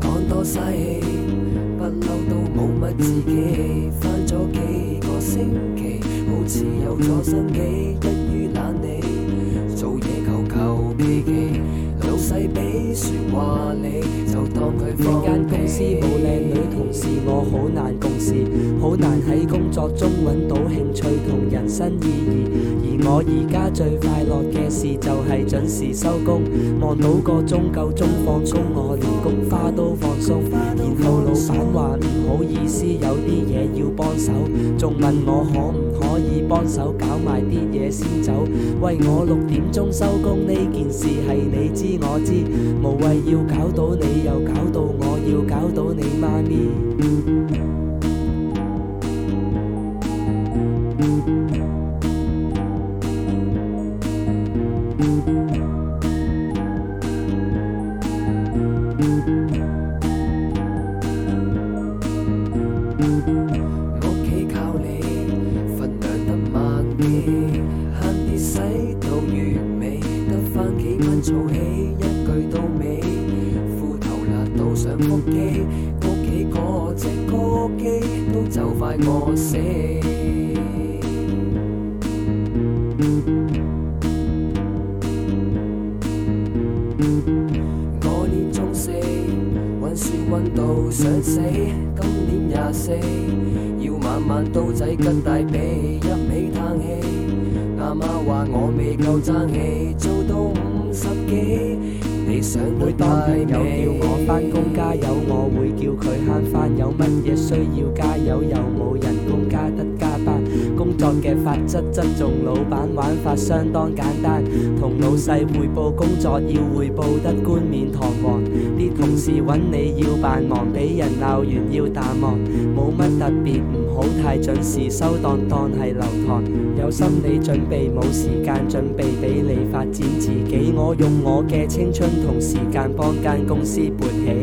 講多嘥氣，不嬲都冇乜自己。翻咗幾個星期，好似有咗新機。一於懶航航悲悲你，做嘢求求其其。老細俾說話你就當佢間公司冇靚女同事，我好難共事，好難喺工作中揾到興趣。同人生意義，而我而家最快樂嘅事就係準時收工、嗯。望到個鐘夠鐘放工，我連菊花都放鬆。然後老闆話唔好意思，有啲嘢要幫手，仲、嗯、問我可唔可以幫手搞埋啲嘢先走。喂，我六點鐘收工呢件事係你知我知，無謂要搞到你又搞到我，要搞到你媽咪。展自己，我用我嘅青春同時間幫間公司撥起。